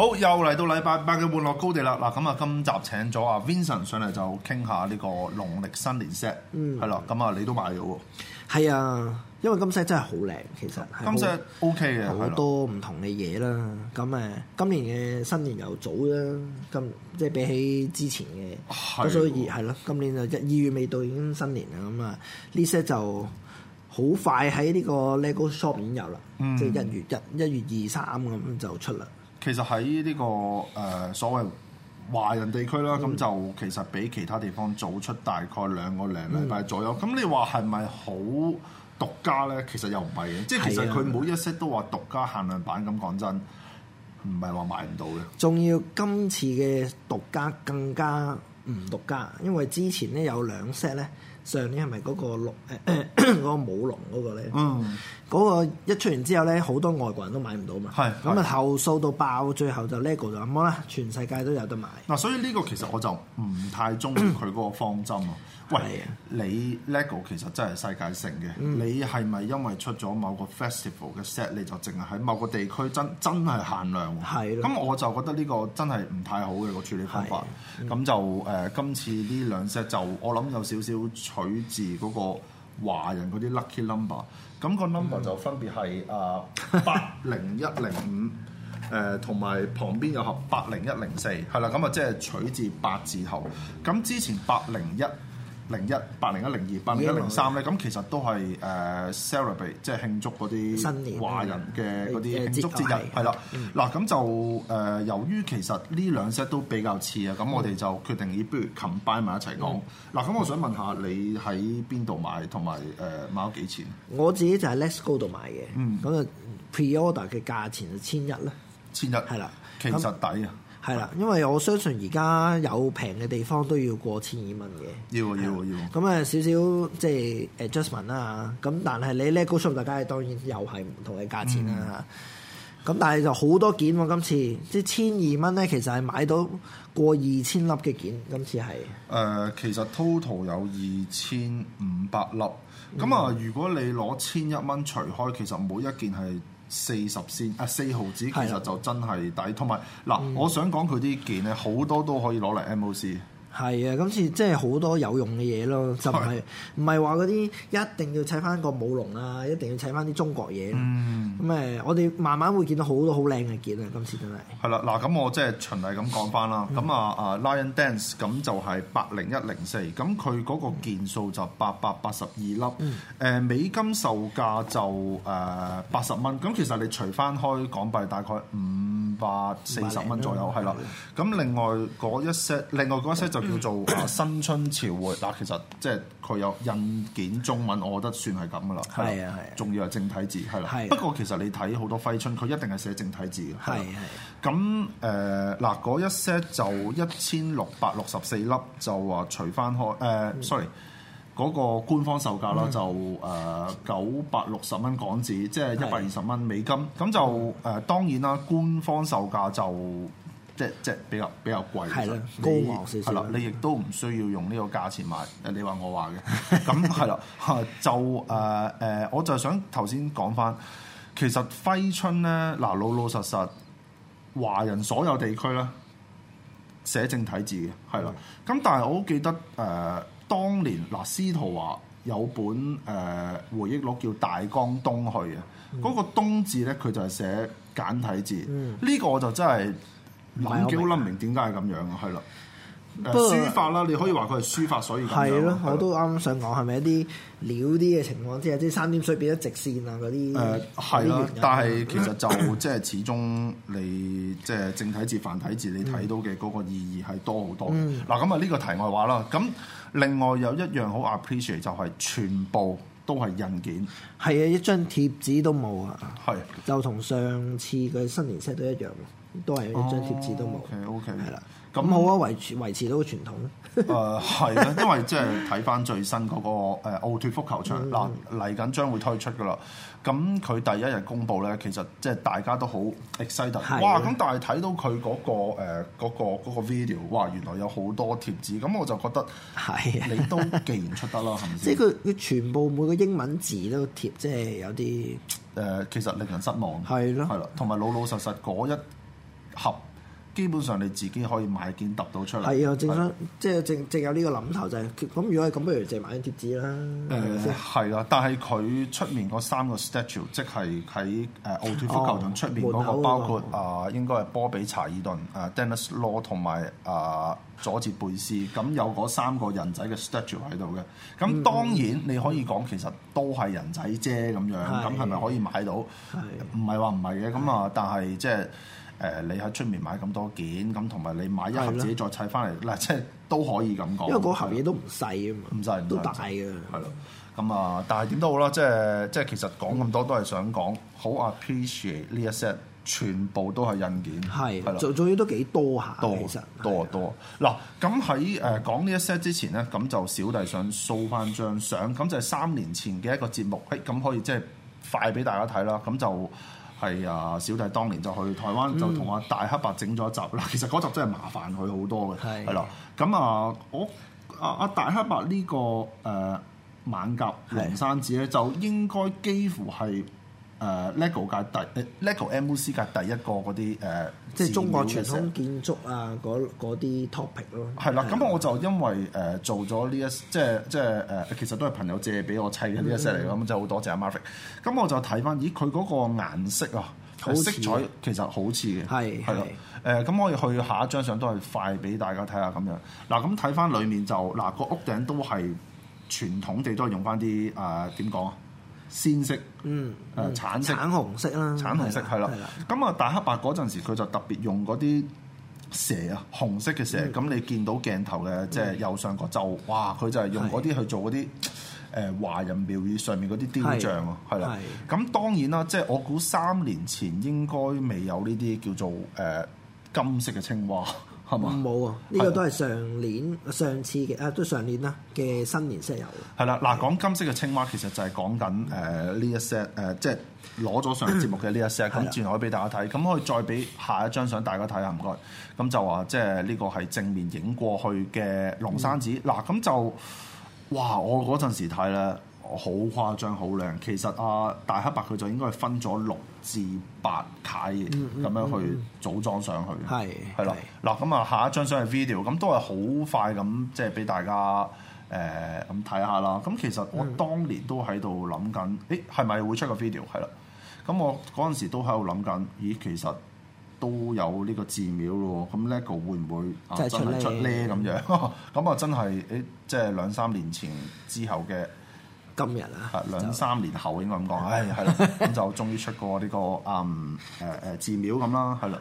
好又嚟到禮拜八嘅玩樂高地啦！嗱，咁啊，今集請咗啊 Vincent 上嚟就傾下呢個農曆新年 set，嗯，係啦。咁啊，你都買咗喎？係啊，因為今世真係好靚，其實係今世 s O K 嘅，好、okay、的多唔同嘅嘢啦。咁誒啦，今年嘅新年又早啦，今即係比起之前嘅，的所以二係咯，今年就二月未到已經新年啦。咁啊，呢 set 就好快喺呢個 lego shop 已經有啦，嗯、即係一月一、一月二、三咁就出啦。其實喺呢、這個誒、呃、所謂華人地區啦，咁、嗯、就其實比其他地方早出大概兩個零禮拜左右。咁、嗯、你話係咪好獨家咧？其實又唔係嘅，的即係其實佢每一 set 都話獨家限量版。咁講真，唔係話買唔到嘅。仲要今次嘅獨家更加唔獨家，因為之前咧有兩 set 咧。上年係咪嗰個舞龍嗰個咧？嗯，嗰個一出完之後咧，好多外國人都買唔到嘛。係，咁啊投數到爆，最後就 lego 就咁啊！全世界都有得買。嗱，所以呢個其實我就唔太中意佢嗰個方針啊。喂，你 lego 其實真係世界性嘅。你係咪因為出咗某個 festival 嘅 set，你就淨係喺某個地區真真係限量？係。咁我就覺得呢個真係唔太好嘅個處理方法。咁就誒，今次呢兩 set 就我諗有少少。取自嗰個華人嗰啲 lucky number，咁個 number 就分別係啊八零一零五，誒同埋旁邊有盒八零一零四，係啦，咁啊即係取自八字頭，咁之前八零一，零一、八零一、零二、八零一、零三咧，咁其實都係誒、uh, celebrate，即係慶祝嗰啲華人嘅嗰啲慶祝節日，係啦。嗱咁就誒，uh, 由於其實呢兩 set 都比較似啊，咁我哋就決定要不如 combine 埋一齊講。嗱咁、嗯，我想問下你喺邊度買，同埋誒買咗幾錢？我自己就係 Let's Go 度買嘅，咁、嗯、就 preorder 嘅價錢就千一啦，千一係啦，其實抵啊！係啦，因為我相信而家有平嘅地方都要過千二蚊嘅，要啊要啊要。咁啊少少即係 adjustment 啦，咁但係你咧高商大家，當然又係唔同嘅價錢啦。咁、嗯、但係就好多件喎、啊，今次即千二蚊咧，其實係買到過二千粒嘅件。今次係誒、呃，其實 total 有二千五百粒。咁啊，如果你攞千一蚊除開，其實每一件係，四十先啊，四毫紙其實就真係抵，同埋嗱，嗯、我想講佢啲件咧，好多都可以攞嚟 MOC。係啊，今次即係好多有用嘅嘢咯，的就係唔係話嗰啲一定要砌翻個舞龍啊，一定要砌翻啲中國嘢啊。咁誒、嗯，我哋慢慢會見到好多好靚嘅件啊！今次真係係啦，嗱咁我即係循例咁講翻啦。咁啊啊，Lion Dance 咁就係八零一零四，咁佢嗰個件數就八百八十二粒，誒、嗯呃、美金售價就誒八十蚊，咁、呃、其實你除翻開港幣大概五百四十蚊左右，係啦。咁了另外嗰一 set，另外一 set 就。叫做新春廟會，但其實即係佢有印件中文，我覺得算係咁噶啦。係啊係。仲要係正體字係啦。係。的不過其實你睇好多揮春，佢一定係寫正體字嘅。係啊係。咁誒嗱，嗰的、嗯呃、一 set 就一千六百六十四粒就，就話除翻開誒，sorry，嗰個官方售價啦、嗯呃，就誒九百六十蚊港紙，即係一百二十蚊美金。咁的、嗯、就誒、呃、當然啦，官方售價就。即即比較比較貴，係咯，高昂啦，你亦都唔需要用呢個價錢買。誒，你話我話嘅，咁係啦。就誒誒，我就係想頭先講翻，其實揮春咧，嗱老老實實華人所有地區咧寫正體字嘅，係啦。咁、嗯、但係我好記得誒、呃，當年嗱、呃、司徒華有本誒、呃、回憶錄叫《大江東去》啊，嗰個東字咧佢就係寫簡體字。呢、嗯嗯、個我就真係～唔係好諗明點解係咁樣啊？係啦，書法啦，你可以話佢係書法，所以係咯。我都啱啱想講係咪一啲潦啲嘅情況之下，即係啲三點水變咗直線啊嗰啲。誒係啦，但係其實就即係始終你即係正體字、繁體字，你睇到嘅嗰個意義係多好多。嗱咁啊，呢個題外話啦。咁另外有一樣好 appreciate 就係全部都係印件，係啊，一張貼紙都冇啊，係就同上次嘅新年 set 都一樣。都係一張貼紙都冇，OK，係啦，咁好啊，維持維持到個傳統咧。誒，係啊，因為即係睇翻最新嗰個誒奧脱福球場嗱嚟緊將會推出噶啦，咁佢第一日公布咧，其實即係大家都好 excited，哇！咁但係睇到佢嗰個誒嗰個嗰個 video，哇！原來有好多貼紙，咁我就覺得係你都既然出得啦，係咪先？即係佢佢全部每個英文字都貼，即係有啲誒，其實令人失望。係咯，係啦，同埋老老實實嗰一盒基本上你自己可以買件揼到出嚟係啊，正想即係正正有呢個諗頭就係咁。如果係咁，不如買埋啲貼紙啦。係啊，但係佢出面嗰三個 statue，即係喺誒奧脫福足球場出面嗰個，包括啊，應該係波比查爾頓、誒 Dennis Law 同埋啊佐治貝斯，咁有嗰三個人仔嘅 statue 喺度嘅。咁當然你可以講其實都係人仔啫咁樣，咁係咪可以買到？係啊，唔係話唔係嘅咁啊，但係即係。誒，你喺出面買咁多件，咁同埋你買一盒自己再砌翻嚟，嗱的，即係都可以咁講。因為嗰盒嘢都唔細啊嘛，唔細都大啊。係咯，咁啊，但係點都好啦，即係即係其實講咁多都係想講，好 appreciate 呢一 set，全部都係印件，係的，係咯的，做做嘢都幾多下，多其實多啊多。嗱的，咁喺誒講呢一 set 之前咧，咁就小弟想 show 翻張相，咁就係三年前嘅一個節目，誒，咁可以即係快俾大家睇啦，咁就。係啊，小弟當年就去台灣、嗯、就同阿大黑白整咗集啦，其實嗰集真係麻煩佢好多嘅，係啦是的。咁啊，我阿阿、啊、大黑白呢、呢個誒猛、啊、甲龍山寺咧，就應該幾乎係。誒 LEGO 界第誒 LEGO MOC 界第一個嗰啲誒，呃、即係中國傳統建築啊，嗰啲 topic 咯的。係啦的，咁我就因為誒做咗呢一即係即係誒，其實都係朋友借俾我砌嘅呢一 set 嚟嘅，咁、嗯、真係好多謝阿 Marvin。咁我就睇翻，咦佢嗰個顏色啊，色彩其實好似嘅，係係啦。誒咁，我哋去下一張相都係快俾大家睇下咁樣。嗱，咁睇翻裡面就嗱、啊，那個屋頂都係傳統地都係用翻啲誒點講啊？呃呃鮮色，嗯，誒，橙色，橙紅色啦，橙紅色，係啦，咁啊，大黑白嗰陣時，佢就特別用嗰啲蛇啊，紅色嘅蛇，咁你見到鏡頭嘅即係右上角就，哇！佢就係用嗰啲去做嗰啲誒華人廟宇上面嗰啲雕像啊，係啦，咁當然啦，即係我估三年前應該未有呢啲叫做誒金色嘅青蛙。唔冇、嗯、啊，呢、這個都係上年、的上次嘅啊，都上年啦嘅新年先有。係的啦，嗱講金色嘅青蛙其實就係講緊誒呢一 set 誒、呃，即係攞咗上節目嘅呢一 set 咁轉台俾大家睇，咁可以再俾下一張相大家睇下。唔該。咁就話即係呢個係正面影過去嘅龍山寺。嗱、嗯，咁就哇，我嗰陣時睇咧好誇張，好靚。其實阿、啊、大黑白佢就應該係分咗六。自白卡咁樣去組裝上去，係係啦，嗱咁啊，下一張相係 video，咁都係好快咁，即係俾大家誒咁睇下啦。咁、呃、其實我當年都喺度諗緊，誒係咪會出個 video？係啦，咁我嗰陣時都喺度諗緊，咦，其實都有呢個寺廟咯，咁 LEGO 會唔會真係出咧咁樣？咁啊，真係誒，即係、 欸就是、兩三年前之後嘅。今日啊，就是、兩三年後應該咁講，唉，係啦，咁、 嗯啊嗯、就終於出過呢個誒誒寺廟咁啦，係啦，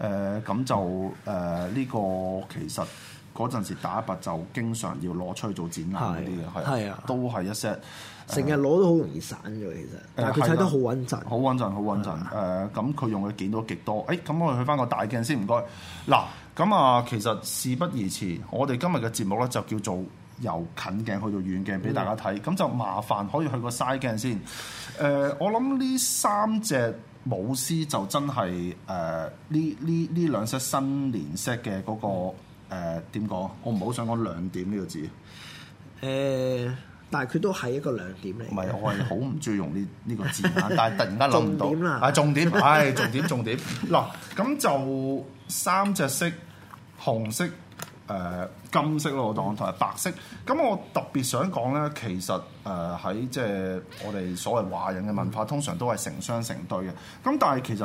誒咁就誒呢個其實嗰陣時打拔就經常要攞出去做展覽嗰啲嘅，係啊，都係一 set 成日攞都好容易散嘅。其實，但係佢睇得好穩陣，好穩陣，好穩陣。誒咁佢用嘅件都極多，誒、哎、咁我哋去翻個大鏡先，唔該。嗱咁啊，其實事不宜遲，我哋今日嘅節目咧就叫做。由近鏡去到遠鏡俾大家睇，咁、嗯、就麻煩可以去個曬鏡先。誒、呃，我諗呢三隻舞獅就真係誒，呢呢呢兩隻新年色嘅嗰、那個誒點講？我唔好想講兩點呢個字。誒、呃，但係佢都係一個兩點嚟。唔係，我係好唔中意用呢呢 個字眼，但係突然間諗唔到。重點啦、啊，係重點，係、哎、重點，重點。嗱， 咁就三隻色，紅色。誒金色咯，我當同埋白色。咁我特別想講咧，其實誒喺即係我哋所謂華人嘅文化，通常都係成雙成對嘅。咁但係其實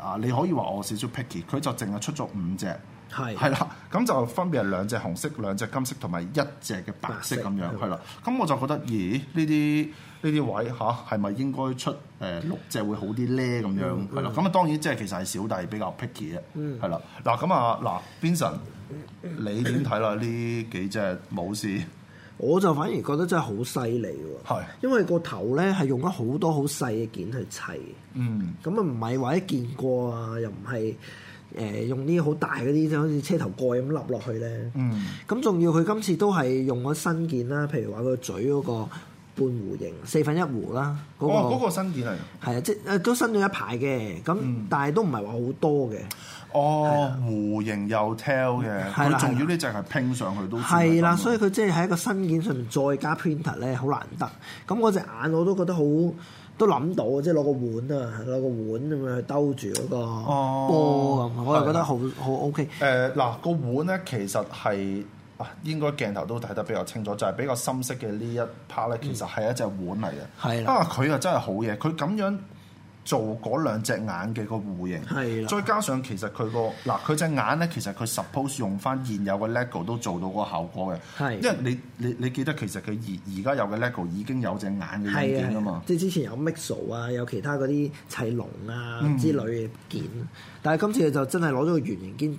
啊，你可以話我少少 picky，佢就淨係出咗五隻，係係啦。咁就分別係兩隻紅色、兩隻金色同埋一隻嘅白色咁樣，係啦。咁我就覺得，咦？呢啲呢啲位吓，係、啊、咪應該出誒六隻會好啲咧？咁樣係啦。咁啊、嗯，嗯、當然即、就、係、是、其實係小弟比較 picky 啊，係啦、yeah。嗱咁啊，嗱，Vincent。你點睇落呢幾隻武士？我就反而覺得真係好犀利喎！係，因為個頭咧係用咗好多好細嘅件去砌嘅。嗯，咁啊唔係話一件過啊，又唔係誒用啲好大嗰啲，就好似車頭蓋咁揦落去咧。嗯，咁仲要佢今次都係用咗新件啦，譬如話個嘴嗰個半弧形四分一弧啦，嗰、嗰個，哦，嗰個新件係係啊，即係都新咗一排嘅，咁、嗯、但係都唔係話好多嘅。哦，的弧形又 tell 嘅，佢仲的要呢隻係拼上去都。係啦，所以佢即係喺一個新件上面再加 printer 咧，好難得。咁、嗯、我隻眼我都覺得好，都諗到，即係攞個碗啊，攞個碗咁樣去兜住嗰個波咁、哦。我又覺得的好好 OK。誒嗱、呃，個碗咧其實係應該鏡頭都睇得比較清楚，就係、是、比較深色嘅呢一 part 咧，其實係一隻碗嚟嘅。係啦的，的啊佢又真係好嘢，佢咁樣。做嗰兩隻眼嘅個弧形，的再加上，其實佢個嗱，佢隻眼咧，其實佢 suppose 用翻現有嘅 lego 都做到嗰個效果嘅，的因為你你你記得其實佢而而家有嘅 lego 已經有隻眼嘅印件啊嘛，即係之前有 mixo 啊，有其他嗰啲砌龍啊之類嘅件。嗯但係今次就真係攞咗個圓形堅，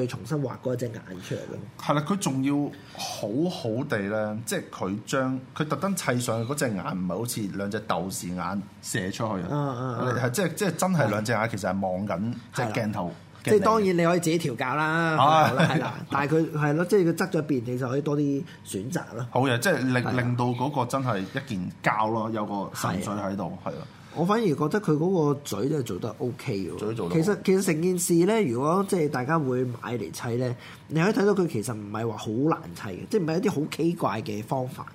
再重新畫過一隻眼出嚟咯。係啦，佢仲要好好地咧，即係佢將佢特登砌上去嗰隻眼，唔係好似兩隻豆豉眼射出去。嗯、啊啊啊啊、嗯，即係即係真係兩隻眼其實係望緊即係鏡頭。即係當然你可以自己調教啦。係啦，但係佢係咯，即係佢側咗一邊，你就可以多啲選擇咯。好嘢，即係令的令到嗰個真係一件膠咯，有個神髓喺度，係啊的。我反而覺得佢嗰個嘴咧做得 O K 喎，其實其實成件事咧，如果即係大家會買嚟砌咧，你可以睇到佢其實唔係話好難砌嘅，即係唔係一啲好奇怪嘅方法，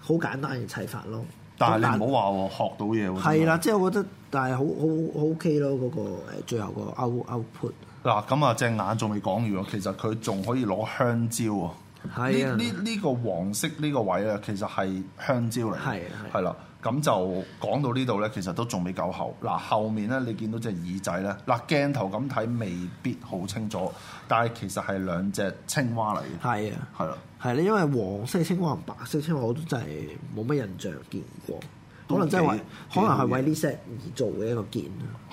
好簡單嘅砌法咯。但係是你唔好話喎，我學到嘢喎。係啦，即、就、係、是、我覺得，但係好好好 O K 咯，嗰、OK 那個最後個 out p u t 嗱，咁啊隻眼仲未講完，其實佢仲可以攞香蕉喎。啊的，呢呢呢個黃色呢個位啊，其實係香蕉嚟嘅，係啦的。的咁就講到呢度咧，其實都仲未夠厚。嗱、啊，後面咧，你見到隻耳仔咧，嗱、啊、鏡頭咁睇未必好清楚，但係其實係兩隻青蛙嚟嘅。係啊，係咯，係咧，因為黃色青蛙同白色青蛙我都真係冇乜印象見過，嗯、可能真、就、係、係啊、可能係為呢 set 而做嘅一個件，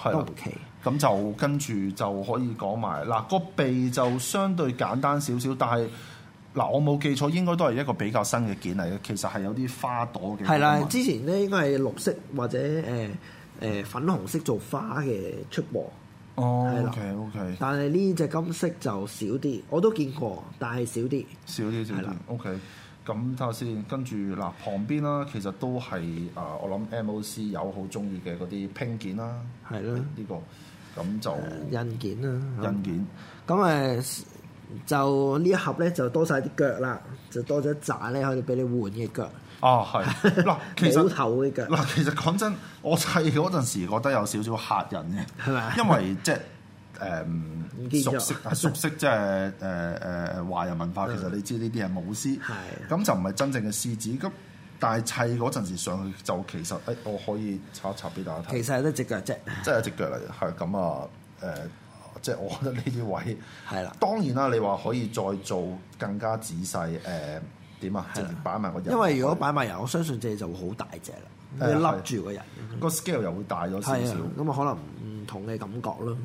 啊、都 OK 咁就跟住就可以講埋嗱，個鼻就相對簡單少少，但係。嗱，我冇記錯，應該都係一個比較新嘅件嚟嘅。其實係有啲花朵嘅。係啦，之前咧應該係綠色或者誒誒、呃呃、粉紅色做花嘅出喎。哦的，OK OK。但係呢隻金色就少啲，我都見過，但係少啲。少啲少啲。OK。咁睇下先，跟住嗱，旁邊啦，其實都係啊，我諗 MOC 有好中意嘅嗰啲拼件啦，係咯的，呢的、這個咁就印件啦，印件。咁誒件。就呢一盒咧，就多晒啲腳啦，就多咗一扎咧可以俾你換嘅腳。哦、啊，係，嗱，舞頭嘅腳。嗱，其實講 真，我砌嗰陣時覺得有少少嚇人嘅，係咪吧，因為即係誒熟悉熟悉即係誒誒華人文化，的其實你知呢啲係舞獅，係咁的就唔係真正嘅獅子。咁但係砌嗰陣時上去就其實誒、欸、我可以拆一拆俾大家睇。其實隻 一隻腳啫，即係一隻腳嚟，嘅、呃，係咁啊誒。即係我覺得呢啲位係啦，當然啦，你話可以再做更加仔細誒點啊？係、呃、啦，擺埋個人，因為如果擺埋人，我相信自己就會好大隻啦，會笠住個人，的嗯、個 scale 又會大咗少少，咁啊可能唔同嘅感覺咯。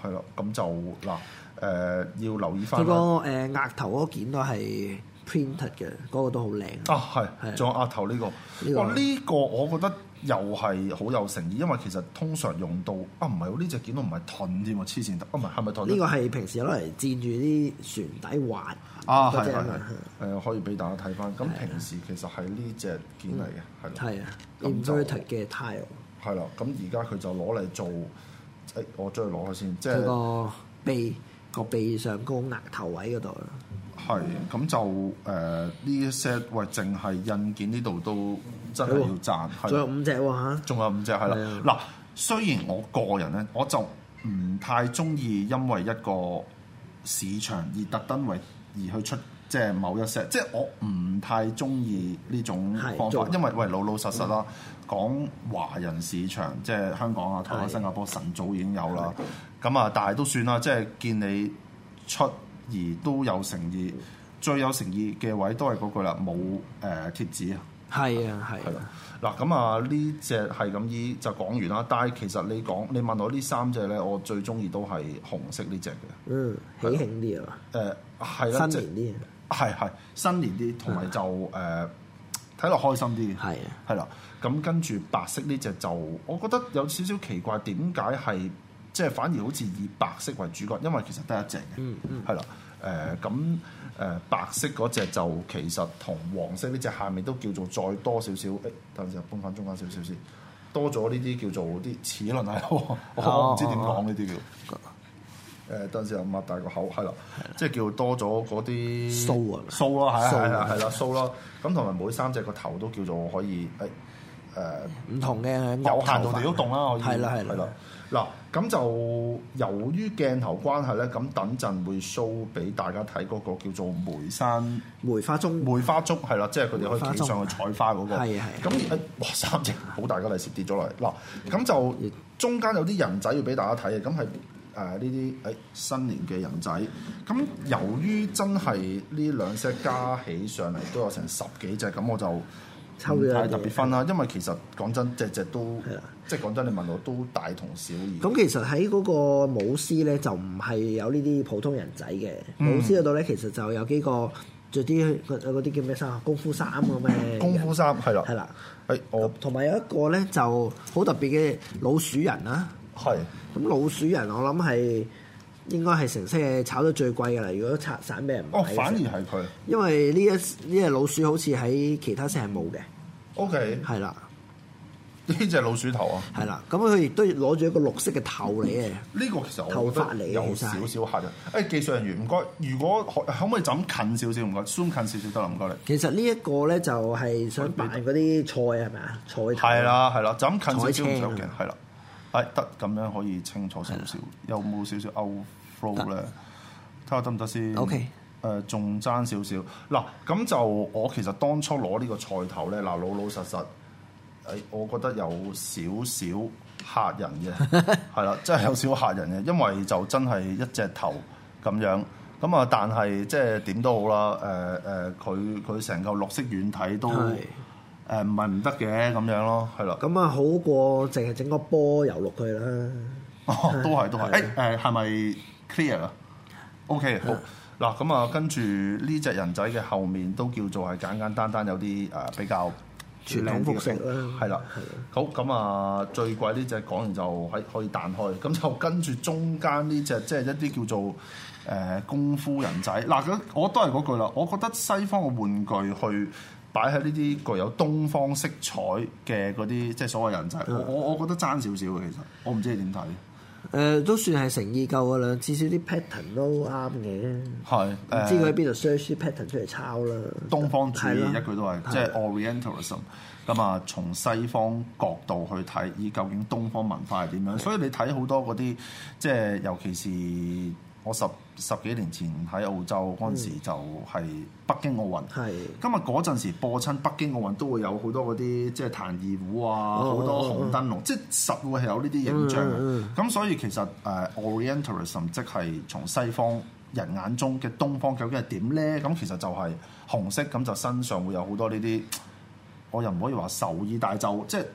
係咯，咁就嗱誒、呃、要留意翻。佢個誒額頭嗰件都係 print 嘅，嗰、嗰個都好靚啊！係係，仲的有額頭呢個呢個呢個，呢個呢個、我覺得。又係好有誠意，因為其實通常用到啊，唔係喎，呢隻件都唔係盾添喎，黐線！啊唔係，係咪盾？呢個係平時攞嚟佔住啲船底環啊，係係係。啊，可以俾大家睇翻。咁平時其實係呢隻件嚟嘅，係啦。啊，imitate 嘅 tile。係啦，咁而家佢就攞嚟做，我我再攞開先，即係個鼻個鼻上高額頭位嗰度啦。係，咁就誒呢一些喂，淨係印件呢度都。真係要讚，仲有五隻喎仲的有五隻係啦，嗱的，的雖然我個人咧，我就唔太中意因為一個市場而特登為而去出，即、就、係、是、某一隻，即、就、係、是、我唔太中意呢種方法，的因為喂的老老實實啦，講的華人市場，即係香港啊、台灣、新加坡，晨早已經有啦，咁啊的，但係都算啦，即、就、係、是、見你出而都有誠意，最有誠意嘅位都係嗰句啦，冇誒、呃、貼紙。係啊，係啊。嗱咁啊，呢隻係咁依就講完啦。但係其實你講你問我呢三隻咧，我最中意都係紅色呢隻嘅。嗯，喜慶啲啊。誒係啦，新年啲。係係新年啲，同埋就誒睇落開心啲。係啊，係啦。咁跟住白色呢隻就，我覺得有少少奇怪，點解係即係反而好似以白色為主角？因為其實得一隻嘅。嗯。嗯嗯，係啦。誒咁誒白色嗰隻就其實同黃色呢隻下面都叫做再多少少，誒等陣時搬翻中間少少先，多咗呢啲叫做啲齒輪啊，我唔知點講呢啲叫。誒等陣時擘大個口，係啦，即係叫多咗嗰啲鬚啊，鬚咯，係啦係啦係啦，鬚咯。咁同埋每三隻個頭都叫做可以誒誒，唔同嘅有限度地都動啦，可以。係啦係啦。嗱，咁就由於鏡頭關係咧，咁等陣會，會 show 俾大家睇嗰個叫做梅山梅花竹，梅花竹係啦，即係佢哋可以企上去採花嗰、那個。係咁而，哇，三隻好、啊、大嘅利是跌咗落嚟。嗱，咁就中間有啲人仔要俾大家睇嘅，咁係誒呢啲誒新年嘅人仔。咁由於真係呢兩隻加起上嚟都有成十幾隻，咁我就。抽血係特別分啦，的因為其實講真，隻隻都，即係講真，你問我都大同小異。咁其實喺嗰個舞獅咧，就唔係有呢啲普通人仔嘅舞獅嗰度咧，其實就有幾個着啲嗰啲叫咩衫啊，功夫衫，咁嘅功夫衫係啦，係啦，係我同埋有一個咧就好特別嘅老鼠人啦、啊，係咁的老鼠人我諗係。應該係成色炒到最貴嘅啦！如果拆散俾人買，哦，反而係佢，因為呢一呢隻老鼠好似喺其他市係冇嘅。O K，係啦，呢隻老鼠頭啊，係啦，咁佢亦都攞住一個綠色嘅頭嚟嘅。呢個其實我覺得有少少嚇人。誒，技術人員唔該，如果可唔可以走近少少唔該 Zoom 近少少得啦唔該你。其實呢一個咧就係想擺嗰啲菜係咪啊？菜係啦係啦，走近少少都唔嘅係啦，係得咁樣可以清楚少少，有冇少少歐？得啦，睇下得唔得先。OK，誒，仲爭少少。嗱 Okay.、呃，咁就我其實當初攞呢個菜頭咧，嗱，老老實實，誒、欸，我覺得有少少嚇人嘅，係啦， 真係有少少嚇人嘅，因為就真係一隻頭咁樣。咁啊，但係即係點都好啦，誒、呃、誒，佢佢成個綠色軟體都誒唔係唔得嘅咁樣咯，係啦。咁啊，好過淨係整個波遊落去啦。哦，都係都係。誒誒，係咪？欸係 clear 咯，OK Yeah. 好嗱，咁啊跟住呢隻人仔嘅後面都叫做係簡簡單單有啲誒、呃、比較傳統風格，係啦了，的好，咁啊最貴呢隻講完就喺可以彈開，咁就跟住中間呢隻即係一啲叫做誒、呃、功夫人仔嗱，我我都係嗰句啦，我覺得西方嘅玩具去擺喺呢啲具有東方色彩嘅嗰啲即係所謂人仔，Yeah. 我我覺得爭少少嘅其實，我唔知你點睇。誒、呃、都算係誠意夠嘅啦，至少啲 pattern 都啱嘅。係，唔、呃、知佢喺邊度 search 啲 pattern 出嚟抄啦。東方主義一句都係，的即係 Orientalism 的。咁啊，從西方角度去睇，依究竟東方文化係點樣？的所以你睇好多嗰啲，即係尤其是。我十十幾年前喺澳洲嗰陣、嗯、時就係北京奧運，是今日嗰陣時播親北京奧運都會有好多嗰啲即係彈二胡啊，好、哦、多紅燈籠，哦哦、即係實會係有呢啲影像。咁、嗯嗯、所以其實誒、呃、Orientalism 即係從西方人眼中嘅東方究竟係點咧？咁其實就係紅色，咁就身上會有好多呢啲，我又唔可以話仇意，但係即係。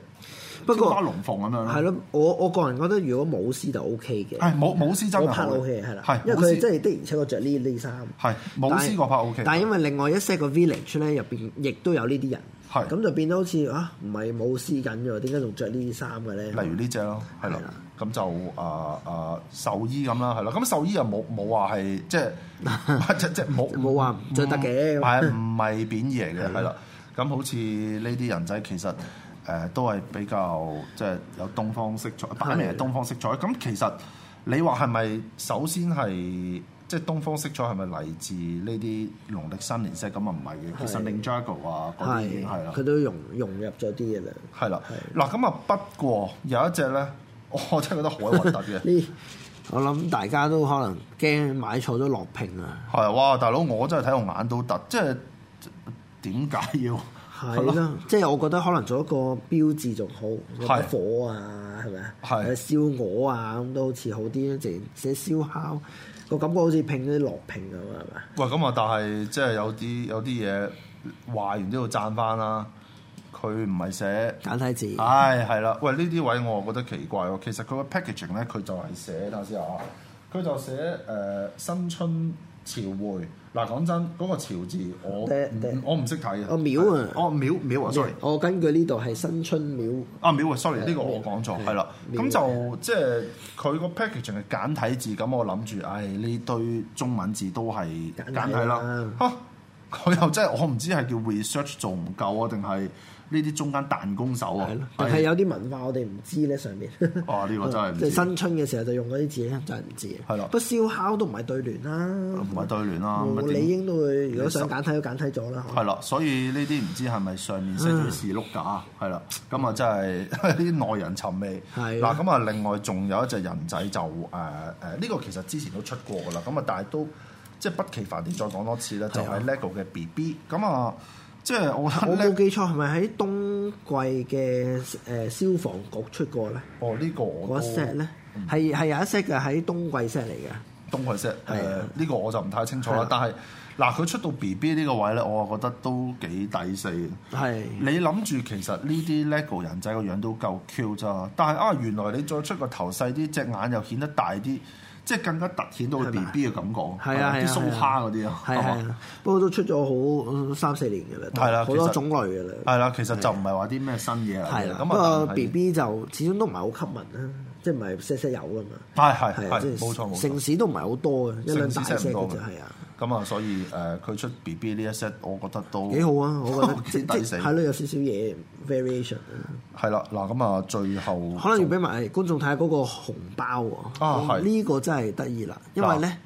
不過家龍鳳咁樣咯。係咯，我我個人覺得，如果舞獅就 O K 嘅。係舞舞獅真拍 O K 係啦。係因為佢真係的而且確着呢呢衫。係舞獅我拍 O K。但係因為另外一 set 個 village 咧，入邊，亦都有呢啲人。係咁就變咗好似啊，唔係舞獅緊咗，點解仲着呢啲衫嘅咧？例如呢隻咯，係啦。咁就啊啊獸醫咁啦，係啦。咁獸醫又冇冇話係即係即即冇冇話唔着得嘅。唔係唔係貶義嚟嘅，係啦。咁好似呢啲人仔其實。誒都係比較即係、就是，有東方色彩，擺明係東方色彩。咁是的 其實你話係咪首先係即係東方色彩係咪嚟自呢啲農曆新年色？咁啊唔係嘅，其實 Ninjago 嗰啲嘢係啦，佢的的都融融入咗啲嘅啦。係啦的，嗱咁啊，不過有一隻咧，我真係覺得好核突嘅。我諗大家都可能驚買錯都落平啊。係啊，哇，大佬我真係睇到眼都突，即係點解要？係啦，的即係我覺得可能做一個標誌仲好，有火啊，係咪啊？係吧的燒鵝啊，咁都好似好啲，淨寫燒烤，個感覺好拼似拼啲樂評咁啊，係咪？喂，咁啊，但係即係有啲有啲嘢話完都要讚翻啦。佢唔係寫簡體字，唉、哎，係啦。喂，呢啲位我又覺得奇怪喎。其實佢個 packaging 咧，佢就係寫睇下先啊。佢就寫誒、呃、新春。朝會嗱，講真嗰、那個朝字我，嗯、我唔我唔識睇嘅。哦廟啊！哦廟廟啊！sorry，我根據呢度係新春廟啊廟啊！sorry，呢、嗯、個我講錯係啦。咁就即係佢個 package 係簡體字，咁我諗住，唉呢堆中文字都係簡體啦。嚇、啊！佢、啊、又真係我唔知係叫 research 做唔夠啊，定係？呢啲中間彈弓手啊，係咯，係有啲文化我哋唔知咧上面哦，呢個真係即係新春嘅時候就用嗰啲字咧，真係唔知。係咯，不燒烤都唔係對聯啦，唔係對聯啦。理應都會，如果想簡體都簡體咗啦。係咯，所以呢啲唔知係咪上面寫咗啲字碌㗎？係啦，咁啊真係呢啲耐人尋味。係嗱，咁啊另外仲有一隻人仔就誒誒，呢個其實之前都出過噶啦，咁啊但係都即係不期凡啲再講多次咧，就係 LEGO 嘅 BB 咁啊。即係我，我冇記錯，係咪喺冬季嘅誒消防局出過咧？哦，這個、呢個，我嗰 set 咧係係有一 set 嘅喺冬季 set 嚟嘅。冬季 set 係啊，呢的、呃這個我就唔太清楚啦，的但係。嗱佢出到 B B 呢個位咧，我啊覺得都幾抵死嘅。係你諗住其實呢啲 lego 人仔個樣都夠 Q 咋，但係啊原來你再出個頭細啲，隻眼又顯得大啲，即係更加突顯到 B B 嘅感覺。係啊，啲蘇蝦嗰啲啊。係，不過都出咗好三四年嘅啦。係啦，好多種類嘅啦。係啦，其實就唔係話啲咩新嘢啦。係啦，不過 B B 就始終都唔係好吸引啊，即係唔係石石有啊嘛。係係係。冇錯，城市都唔係好多啊，一兩大細嘅啊。咁啊，所以誒，佢出 B B 呢一 set，我覺得都幾好啊！我覺得即即係咯，有少少嘢 variation。係啦，嗱咁啊，最後可能要俾埋觀眾睇下嗰個紅包喎。啊，呢個真係得意啦！因為咧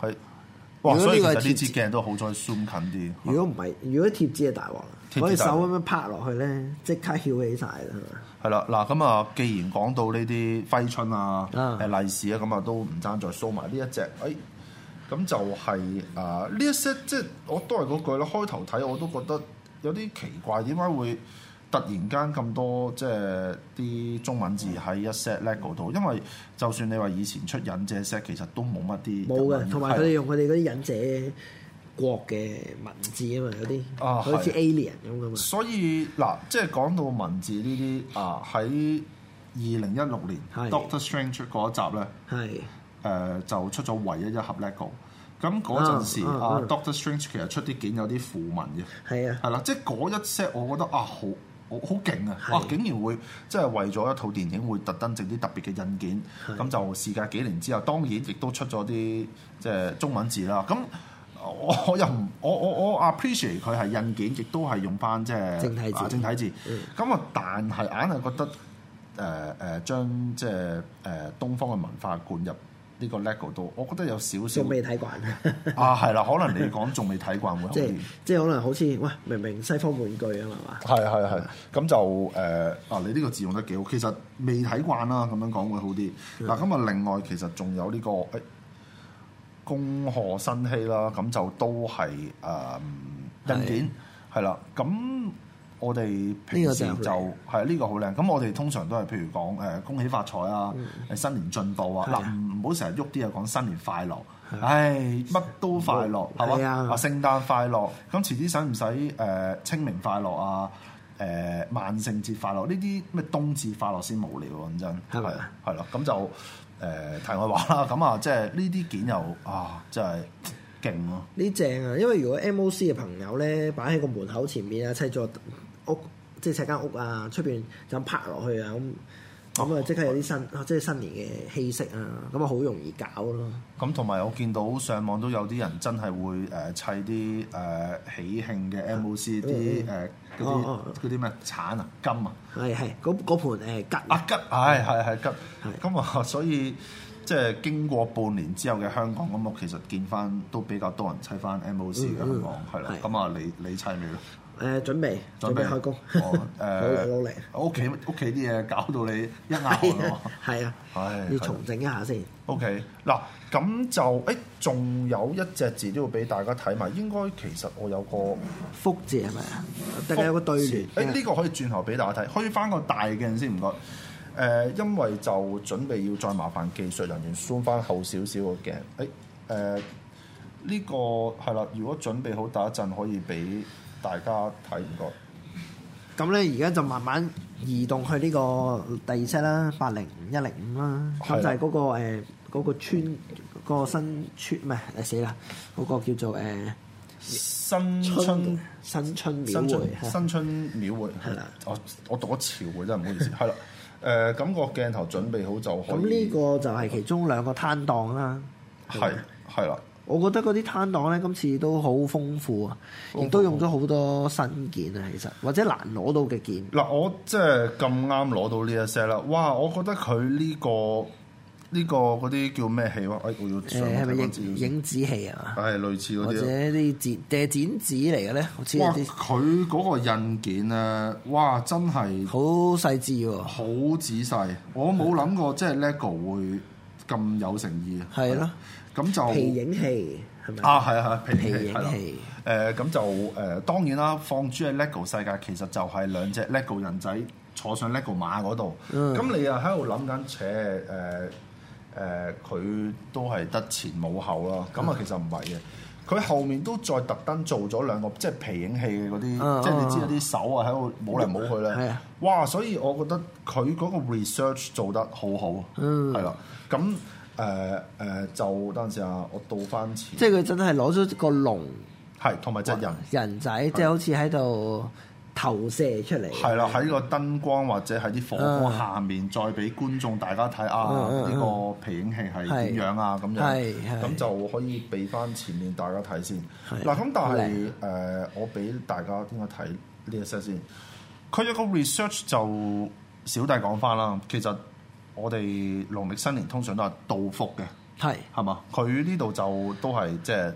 係，所以呢支鏡都好彩 zoom 近啲。如果唔係，如果貼紙係大鑊，我哋手咁樣拍落去咧，即刻翹起晒啦，係嘛？係啦，嗱咁啊，既然講到呢啲揮春啊，誒利是啊，咁啊都唔爭再 show 埋呢一隻誒。咁就係、是、啊，呢、呃、一些即係我都係嗰句啦。開頭睇我都覺得有啲奇怪，點解會突然間咁多即係啲中文字喺一些 LEGO 度？因為就算你話以前出忍者 set，其實都冇乜啲冇嘅，同埋佢哋用佢哋嗰啲忍者國嘅文字的啊嘛，有啲好似 alien 咁嘅。所以嗱，即係講到文字呢啲啊，喺二零一六年的 Doctor Strange 出嗰集咧。係的。的誒、呃、就出咗唯一一盒 LEGO，咁嗰陣時、uh, uh, 啊、Doctor Strange 其實出啲件有啲符文嘅，係啊，係啦，即係嗰一 set 我覺得啊好好好勁啊，哇、啊 Yeah. 啊！竟然會即係為咗一套電影會特登整啲特別嘅印件，咁 Yeah. 就事隔幾年之後，當然亦都出咗啲即係中文字啦。咁我，我又唔我我我 appreciate 佢係印件，亦都係用翻即係正體字，正體字，咁啊，Yeah. 但係硬係覺得誒誒、呃呃、將即係誒東方嘅文化灌入。呢個 LEGO 都，我覺得有少少。仲未睇慣 啊，係啦，可能你講仲未睇慣會好啲 即即可能好似，喂，明明西方玩具啊嘛。係係係。咁就誒啊、呃！你呢個字用得幾好？其實未睇慣、啊嗯這個欸、啦，咁樣講會好啲。嗱，咁啊，另外其實仲有呢個誒，恭賀新禧啦，咁就都係誒印件係啦。咁的。的我哋平時就係呢個好靚，咁我哋通常都係譬如講誒、呃、恭喜發財啊，誒新年進步啊，嗱唔好成日喐啲啊講、呃、新年快樂，唉乜、啊哎、都快樂係嘛？別吧啊，啊聖誕快樂，咁遲啲使唔使誒清明快樂啊？誒萬聖節快樂呢啲咩冬至快樂先，無聊講真，係啊係啦，咁、啊啊、就誒題、呃、外話啦，咁啊即係呢啲件又啊真係勁咯，呢正啊，啊啊因為如果 MOC 嘅朋友咧擺喺個門口前面啊砌咗。屋即係砌間屋啊，出邊就咁拍落去啊，咁咁啊即刻有啲新即係新年嘅氣息啊，咁啊好容易搞咯。咁同埋我見到上網都有啲人真係會誒砌啲誒喜慶嘅 MOC 啲誒嗰啲啲咩橙啊金啊，係係嗰嗰盤誒桔啊，桔，係係係桔。咁啊所以即係經過半年之後嘅香港嘅屋，其實見翻都比較多人砌翻 MOC 嘅香港，係啦。咁啊，你你砌未咯？誒、呃、準備準備，準備開工，好努、哦呃、力。屋企屋企啲嘢搞到你一眼，係 啊，哎、啊要重整一下先。O K 嗱咁就誒，仲、欸、有一隻字都要俾大家睇埋。應該其實我有個福字係咪啊？定係字有個對字？呢、欸這個可以轉頭俾大家睇，可以翻個大鏡先唔該。誒、欸，因為就準備要再麻煩技術人員縮翻後少少嘅鏡誒。呢、欸欸呃這個係啦，如果準備好打陣，可以俾。大家睇唔該。咁咧，而家就慢慢移動去呢個第二 set 啦，八零一零五啦。咁就係嗰、那個誒嗰、呃那個村，嗰個新村咩？係、啊、死啦，嗰、那個叫做誒、呃、新春新春廟新春廟會係啦的的。我我讀錯詞喎，真係唔好意思。係啦， 誒、呃，感、那、覺、個、鏡頭準備好就。好。咁呢個就係其中兩個攤檔啦。係係啦。的的我覺得嗰啲攤檔咧，今次都好豐富啊，亦都用咗好多新件啊，其實或者難攞到嘅件。嗱，我即係咁啱攞到呢一 set 啦。哇，我覺得佢呢、呢個呢、呢個嗰啲叫咩戲喎？哎，我要上睇影影子戲啊？係類似嗰啲，或者啲剪剪紙嚟嘅咧？哇，佢嗰個印件啊，哇，真係好細緻喎，好仔細。我冇諗過即係 LEGO 會咁有誠意啊。係咯的。咁就皮影戲，係咪啊？係啊係皮影戲，誒咁就誒當然啦，放諸喺 lego 世界，其實就係兩隻 lego 人仔坐上 lego 馬嗰度，咁你又喺度諗緊扯誒誒，佢都係得前冇後啦，咁啊，其實唔係嘅，佢後面都再特登做咗兩個即係皮影戲嘅嗰啲，即係、嗯哦嗯、你知嗰啲手啊喺度冇嚟冇去咧，哇！所以我覺得佢嗰個 research 做得好好，係啦、嗯，咁。誒誒、呃，就嗰陣時啊，我倒翻前。即係佢真係攞咗個龍，係同埋隻人人仔，是即係好似喺度投射出嚟。係啦，喺個燈光或者喺啲火光下面，再俾觀眾大家睇、嗯、啊！呢、嗯、個皮影戲係點樣啊？咁是樣，係咁就可以俾翻前面大家睇先。嗱的，咁但係誒亮、呃，我俾大家點解睇呢一 set 先？佢有個 research 就小弟講翻啦，其實。我哋農曆新年通常都係到福嘅，係是，係嘛？佢呢度就都係即係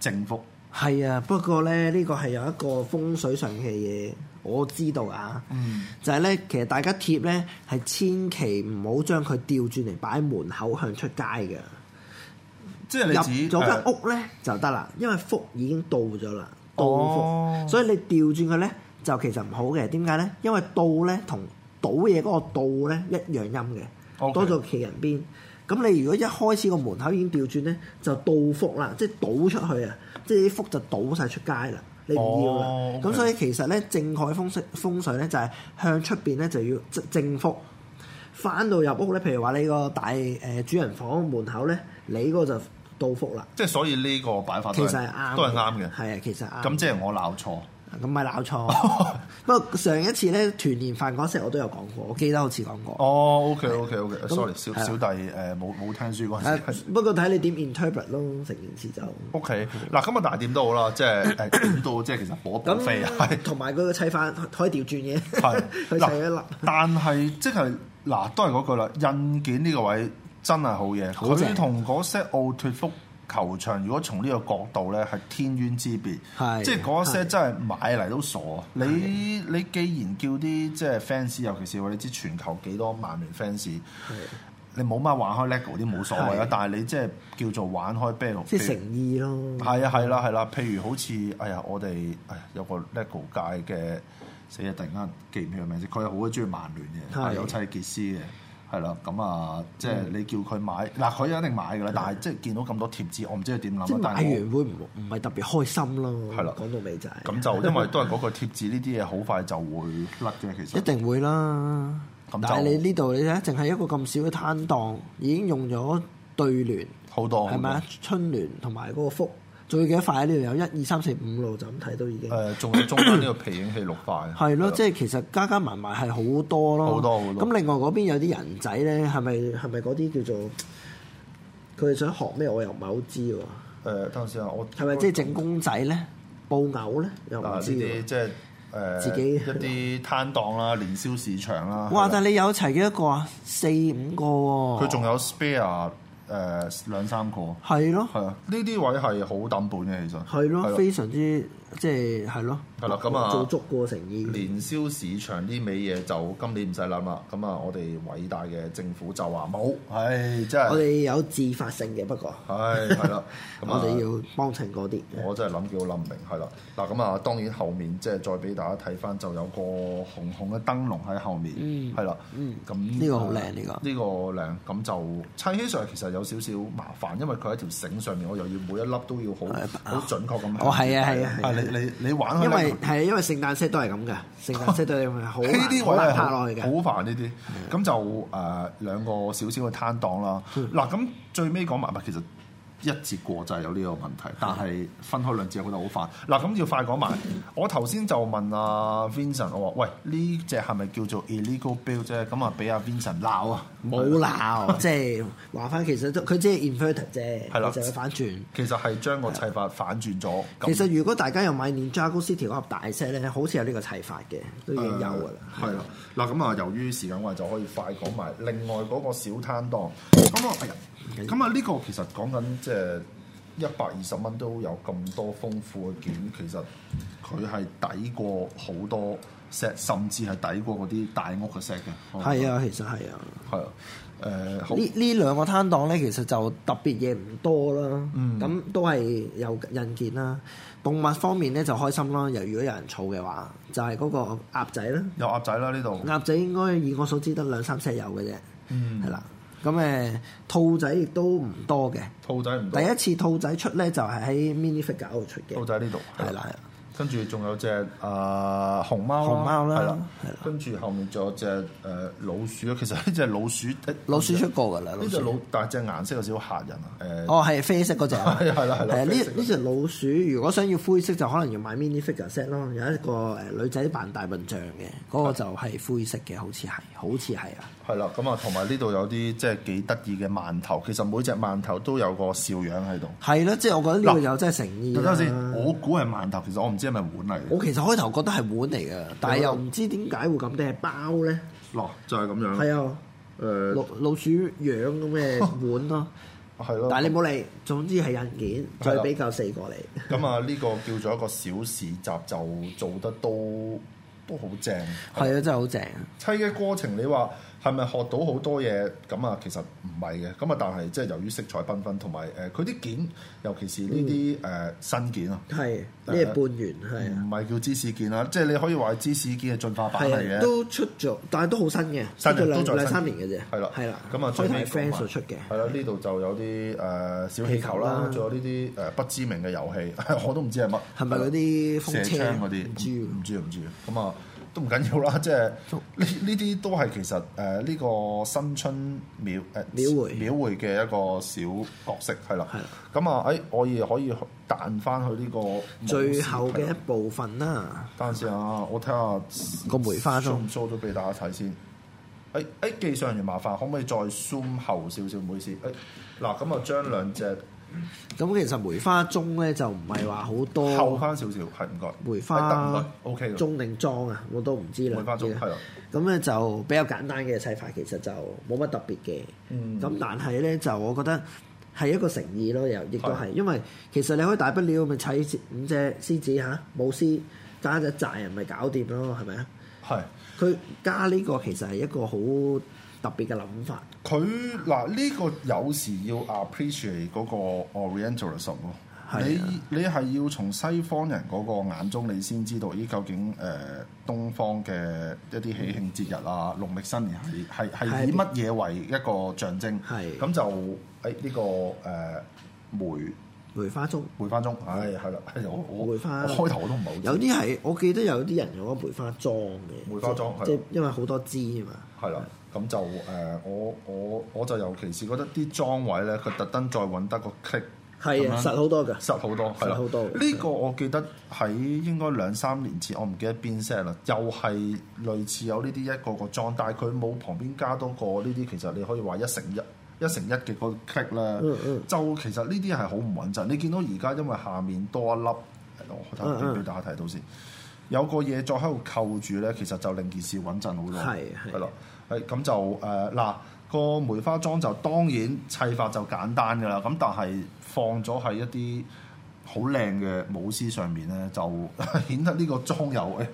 正福。係啊，不過咧，呢個係有一個風水上嘅嘢，我知道啊。嗯，就係咧，其實大家貼咧，係千祈唔好將佢調轉嚟擺喺門口向出街嘅。即係你入咗間屋咧、呃、就得啦，因為福已經到咗啦，到福。哦、所以你調轉佢咧，就其實唔好嘅。點解咧？因為到咧同。倒嘢嗰個倒咧一樣音嘅，Okay. 多咗企人邊。咁你如果一開始個門口已經調轉咧，就倒福啦，即係倒出去啊，即係啲福就倒晒出街啦，你唔要啦。咁、oh, okay. 所以其實咧，正海風水風水咧就係向出邊咧就要正福，翻到入屋咧，譬如話你個大誒主人房門口咧，你嗰個就倒福啦。即係所以呢個擺法其，其實係啱，都係啱嘅。係啊，其實啱。咁即係我鬧錯。咁咪係鬧錯，不過上一次咧團年飯嗰時我都有講過，我記得好似講過。哦，OK OK OK，sorry，小小弟誒冇冇聽書嗰陣時。不過睇你點 interpret 咯，成件事就。OK，嗱但係點都好啦，即係誒到即係其實火咁飛，係同埋嗰個砌飯可以調轉嘅，係佢砌咗但係即係嗱，都係嗰句啦，印件呢個位真係好嘢，佢同嗰 set 奧脱福。球場如果從呢個角度咧，係天淵之別，即係嗰些真係買嚟都傻。你你既然叫啲即係 fans，尤其是我哋知全球幾多曼聯 fans，你冇乜玩開 LEGO 啲冇所謂啊。但係你即係叫做玩開啤爐，即係誠意咯。係啊，係啦，係啦，譬如好似哎呀我哋哎有個 LEGO 界嘅，死啦突然間記唔起個名字。佢係好鬼中意曼聯嘅，有砌傑斯嘅。係啦，咁啊，即係你叫佢買，嗱佢一定買㗎啦。的但係即係見到咁多貼紙，我唔知佢點諗啦。即係買完會唔唔係特別開心咯？係啦的，講到尾就係咁，係，就因為都係嗰個貼紙呢啲嘢，好快就會甩嘅其實。一定會啦。咁就但係你呢度你睇下，淨係一個咁少嘅攤檔，已經用咗對聯好多係咪啊？好多。春聯同埋嗰個福。最幾多塊喺呢度，有一二三四五路，就咁睇都已經，誒仲有中間呢個皮影戲六塊，係咯，即係其實加加埋埋係好多咯，好多好多。咁另外嗰邊有啲人仔咧，係咪係咪嗰啲叫做佢哋想學咩？我又唔係好知喎。誒，當時啊，我係咪即係整公仔咧，布偶咧？又唔知。啊，呢啲即係誒，自己一啲攤檔啦，年宵市場啦。哇！但係你有齊幾多個啊？四五個喎。佢仲有 spare。誒、呃、兩三個係咯，係啊，呢啲位係好抌本嘅，其實係咯，咯非常之。即係係咯，做足個誠意。年宵市場啲美嘢就今年唔使諗啦。咁啊，我哋偉大嘅政府就話冇，係即係。我哋有自發性嘅，不過。係係啦，咁我哋要幫襯嗰啲。我真係諗叫諗唔明，係啦。嗱咁啊，當然後面即係再俾大家睇翻，就有個紅紅嘅燈籠喺後面，係啦。嗯，咁呢個好靚呢個。呢個靚，咁就砌起上嚟其實有少少麻煩，因為佢喺條繩上面，我又要每一粒都要好好準確咁。哦，係啊，係啊。你你玩下去，因為係因為聖誕節都係咁嘅，聖誕節都係咁嘅，好難拍落嚟嘅，好煩呢啲。咁、嗯、就誒兩、呃、個小小嘅攤檔啦。嗱、嗯，咁最尾講埋，唔係其實。一節過就係有呢個問題，但係分開兩節覺得好煩。嗱、啊，咁要快講埋。我頭先就問阿、啊、Vincent，我話：喂，呢隻係咪叫做 illegal build 啫？咁啊，俾阿、啊、Vincent 鬧啊？冇鬧罵，即係話返其實都佢只係 inverted 啫，係咯的，就反轉。其實係將個砌法反轉咗。的那其實如果大家有買 Ninjago City 盒大 set 咧，好似有呢個砌法嘅，都已經有噶啦。係啦，嗱咁啊，的啊由於時間關係就可以快講埋另外嗰個小攤檔。咁啊，係。 我 咁啊，呢、嗯、個其實講緊即係一百二十蚊都有咁多豐富嘅件，其實佢係抵過好多 set，甚至係抵過嗰啲大屋嘅 set 嘅。係啊，其實係啊。係啊，誒、呃。好兩呢呢兩個攤檔咧，其實就特別嘢唔多啦。嗯。咁都係有印件啦。動物方面咧就開心啦。又如果有人儲嘅話，就係、是、嗰個鴨仔啦。有鴨仔啦呢度。鴨仔應該以我所知得兩三 set 有嘅啫。嗯。係啦。咁誒，兔仔亦都唔多嘅。兔仔唔多。第一次兔仔出咧，就係喺 Mini Figure 嗰度出嘅。兔仔呢度。係啦，係啦。跟住仲有隻啊，熊貓。熊貓啦。係啦，係啦。跟住後面仲有隻誒老鼠啊，其實呢隻老鼠老鼠出過㗎啦。呢隻老大隻顏色有少少嚇人啊！誒。哦，係啡色嗰隻。係啦，係啦。呢呢隻老鼠如果想要灰色，就可能要買 Mini Figure Set 咯。有一個誒女仔扮大笨象嘅，嗰個就係灰色嘅，好似係，好似係啊。係啦，咁啊，同埋呢度有啲即係幾得意嘅饅頭，其實每隻饅頭都有個笑樣喺度。係咯，即係我覺得呢個有真係誠意啦。等陣先，我估係饅頭，其實我唔知係咪碗嚟嘅。我其實開頭覺得係碗嚟嘅，但係了又唔知點解會咁定係包咧。嗱、哦，就係、是、咁樣。係啊了，誒、嗯，老鼠樣咁嘅碗咯、啊。係咯 了。但係你冇理，總之係印件最了比較細個嚟。咁啊，呢個叫做一個小市集，就做得都都好正。係啊，真係好正。砌嘅過程，你話。係咪學到好多嘢？咁啊，其實唔係嘅。咁啊，但係即係由於色彩繽紛，同埋誒佢啲件，尤其是呢啲誒新件啊，係，呢係半圓，係。唔係叫芝士件啦，即係你可以話係芝士件嘅進化版嚟嘅。都出咗，但係都好新嘅，新咗兩兩三年嘅啫。係啦，係啦。咁啊，最尾 fans 出嘅。係啦，呢度就有啲誒小氣球啦，仲有呢啲誒不知名嘅遊戲，我都唔知係乜。係咪嗰啲風車嗰啲？唔知啊，唔知啊，咁啊。都唔緊要啦，即係呢呢啲都係其實誒呢、呃呢個新春廟誒、呃、廟會迴廟會嘅一個小角色，係啦。係啦的。咁啊誒，我、哎、亦可以彈翻去呢個最後嘅一部分啦。了等陣先啊，我睇下個梅花縮唔縮咗俾大家睇先。誒、哎、誒、哎，技術人員麻煩，可唔可以再 zoom 後少少？唔好意思。誒、哎、嗱，咁啊，將兩隻。咁其實梅花鐘咧就唔係話好多，厚翻少少，係唔該。梅花鐘定裝啊，我都唔知啦。梅花鐘，係啊。咁咧的就比較簡單嘅砌法，其實就冇乜特別嘅。咁、嗯、但係咧就我覺得係一個誠意咯，又亦都係，的因為其實你可以大不了咪砌五隻獅子吓，冇、啊、獅加隻債人咪搞掂咯，係咪啊？係的。佢加呢個其實係一個好特別嘅諗法，佢嗱呢個有時要 appreciate 嗰個 orientalism 咯、啊。你你係要從西方人嗰個眼中，你先知道依究竟誒、呃、東方嘅一啲喜慶節日啊，農曆新年係係係以乜嘢是為一個象徵？係咁是就誒呢、哎這個誒、呃、梅梅花鐘梅花鐘，唉係啦，我梅花我開頭我都唔係好有啲係，我記得有啲人用咗梅花裝嘅梅花裝，即係、就是就是、因為好多枝啊嘛，係啦。咁就誒，我我我就尤其是覺得啲裝位咧，佢特登再揾得個 kick，係實好多嘅，實好多，實好多，實好多。呢個我記得喺應該兩三年前，我唔記得邊 set 啦，又係類似有呢啲一個個裝，但係佢冇旁邊加多個呢啲，其實你可以話一成一、一成一嘅嗰個 kick 咧，嗯嗯、就其實呢啲係好唔穩陣。你見到而家因為下面多一粒，我睇俾大家睇到先，嗯、有個嘢再喺度扣住咧，其實就令件事穩陣好多，係係咯。嗯咁、嗯、就誒嗱、呃那個梅花樁就當然砌法就簡單噶啦，咁但係放咗喺一啲好靚嘅舞獅上面咧，就呵呵顯得呢個樁有誒、欸、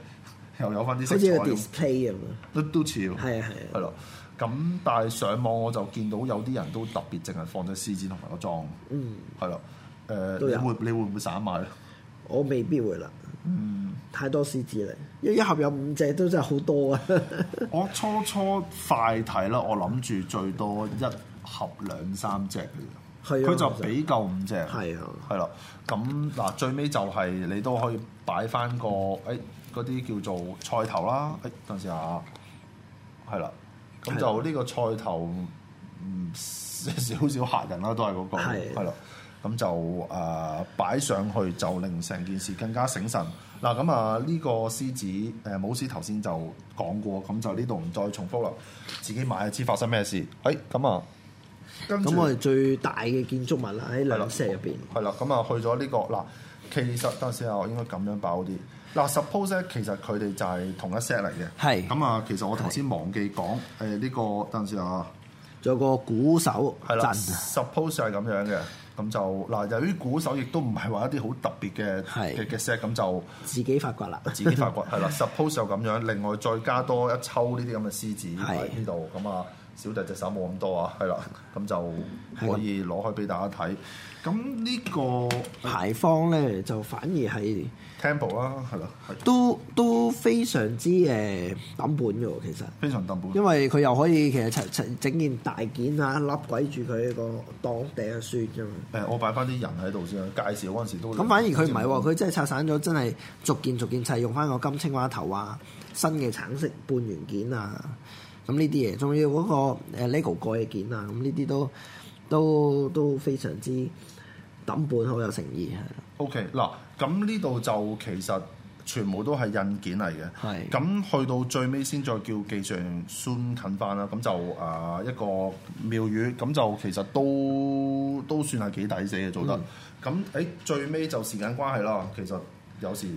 又有返啲色彩，好似個 display 咁啊，用樣，都都似，係啊係咯。咁的的但係上網我就見到有啲人都特別淨係放咗獅子同埋個樁，嗯，係咯，誒、呃有，你會你會唔會散賣咧？我未必會啦，嗯，太多獅子嘞，一盒有五隻都真係好多啊！ 我初初快睇啦，我諗住最多一盒兩三隻嘅，佢了就俾夠五隻，係啊了，係了啦，咁嗱最尾就係你都可以擺翻個誒嗰啲叫做菜頭啦，誒、欸、等陣下，嚇，係啦，咁就呢個菜頭少少嚇人啦，都係嗰、嗰個係啦。了咁就誒擺、呃、上去就令成件事更加醒神嗱，咁啊呢、這個獅子誒冇師頭先就講過，咁就呢度唔再重複啦，自己買知發生咩事？誒、哎、咁啊咁我哋最大嘅建築物啦喺兩 s e 入邊，係啦咁啊去咗呢個嗱，其實鄧先候應該咁樣擺好啲嗱、啊，suppose 其實佢哋就係同一 set 嚟嘅，係咁的啊其實我頭先忘記講誒呢個鄧先啊，仲有個鼓手震，suppose 係咁樣嘅。咁就嗱，由於鼓手亦都唔係話一啲好特別嘅嘅嘅 set，咁就自己發掘啦， 自己發掘係啦，suppose 就咁樣，另外再加多一抽呢啲咁嘅獅子喺呢度，咁啊是。小弟隻手冇咁多啊，係啦，咁就可以攞開俾大家睇。咁呢、呢個牌坊咧，就反而係 Temple 啊，係咯，都都非常之誒揼、呃、本嘅喎，其實。非常抌本。因為佢又可以其實齊齊整件大件啊，笠鬼住佢呢個檔地啊算啫嘛。誒、欸，我擺翻啲人喺度先啊，介紹嗰陣時都。咁反而佢唔係喎，佢真係拆散咗，真係逐件逐件砌，用翻個金青蛙頭啊，新嘅橙色半圓件啊。咁呢啲嘢，仲要嗰個誒 Lego 蓋件啊，咁呢啲都都都非常之抌本，好有誠意。O K，嗱，咁呢度就其實全部都係印件嚟嘅。係是。咁去到最尾先再叫記帳算近翻啦。咁就啊、呃、一個廟宇，咁就其實都都算係幾抵死嘅做得。咁誒、嗯欸、最尾就時間關係啦，其實有時。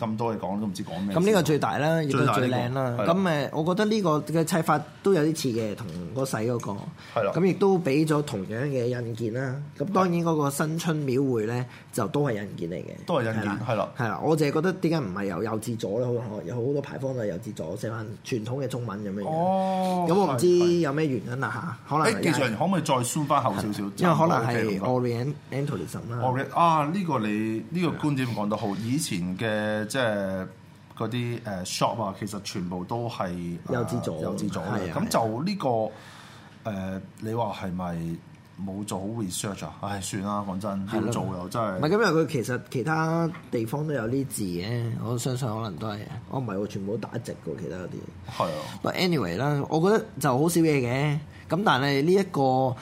咁多嘢講都唔知講咩？咁呢個最大啦，亦都最靚啦。咁誒，我覺得呢個嘅砌法都有啲似嘅，同個細嗰個。係啦。咁亦都俾咗同樣嘅印件啦。咁當然嗰個新春廟會咧，就都係印件嚟嘅。都係印件，係啦。係啦，我淨係覺得點解唔係由右至左咧？可有好多牌坊都係由右至左寫翻傳統嘅中文咁樣樣。哦。咁我唔知有咩原因啊吓，可能技術人可唔可以再縮翻後少少？因為可能係 orientalism 啦。o 啊，呢個你呢個觀點講得好。以前嘅即係嗰啲誒 shop 啊，其實全部都係有資助遊資做嘅。咁就呢、呢個誒、呃，你話係咪冇做好 research 啊？唉、哎，算啦，講真，咁做又真係唔係咁，又佢其實其他地方都有啲字嘅，我相信可能都係。我唔係喎，全部都打直嘅，其他啲。係啊的。But anyway 啦，我覺得就好少嘢嘅。咁但係呢一個。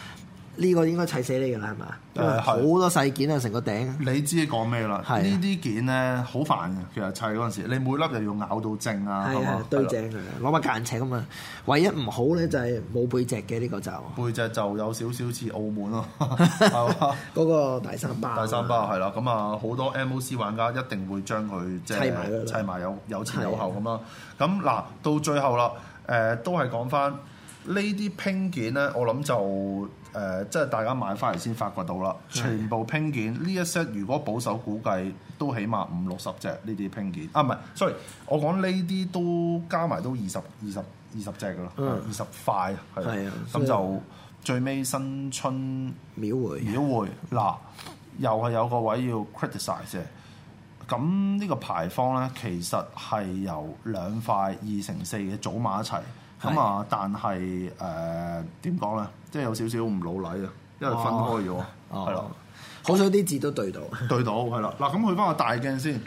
呢個應該砌死你嘅啦，係嘛？因為好多細件啊，成個頂。你知你講咩啦？呢啲件咧好煩嘅，其實砌嗰陣時，你每粒又要咬到正啊，係啊，對正佢攞把間尺咁啊。唯一唔好咧就係冇背脊嘅呢個就背脊就有少少似澳門咯，係嘛，嗰個大三巴，大三巴係啦。咁啊，好多 MOC 玩家一定會將佢砌埋砌埋有有前有後咁啦。咁嗱到最後啦，誒都係講翻呢啲拼件咧，我諗就。誒、呃，即係大家買翻嚟先發掘到啦。嗯、全部拼件呢一 set，如果保守估計都起碼五六十隻呢啲拼件。啊，唔係，sorry，我講呢啲都加埋都二十、二十、嗯、二十隻噶咯，二十塊。係啊，咁的就以最尾新春廟會，廟會會。嗱，又係有個位要 criticize 嘅。咁呢個牌坊咧，其實係由兩塊二乘四嘅組埋一齊。咁啊，但係誒點講咧？即係有少少唔老禮啊，因為分開咗，係咯、啊。的好彩啲字都對到， 對到係啦。嗱，咁去翻個大鏡先。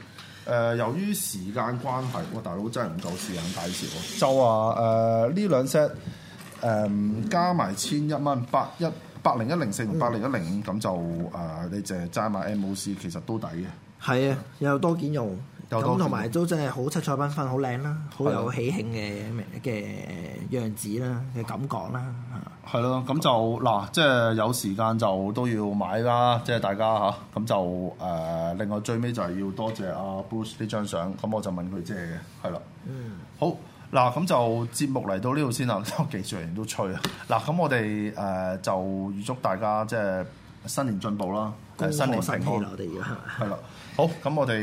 誒、呃，由於時間關係，哇，大佬真係唔夠時間介紹。就話誒呢兩 set 誒、呃、加埋千一蚊八一八零一零四同八零一零五，咁就誒、呃、你就係揸埋 MOC，其實都抵嘅。係啊，又多件用。咁同埋都真係好七彩繽紛，好靚啦，好有喜慶嘅嘅樣子啦，嘅的感覺啦嚇。係咯的，咁、嗯、就嗱，嗯、即係有時間就都要買啦，即係大家吓。咁、啊、就誒、呃，另外最尾就係要多謝阿 Bruce 呢張相，咁我就問佢借嘅，係啦。嗯。好，嗱、啊，咁就節目嚟到呢度先啦，啲技術人都吹啊。嗱，咁我哋誒就預祝大家即係新年進步啦公，新年平安。我哋要係啦。 好，咁我哋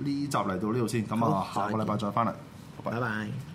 呢集嚟到呢度先，咁啊好下個禮拜再翻嚟，拜拜。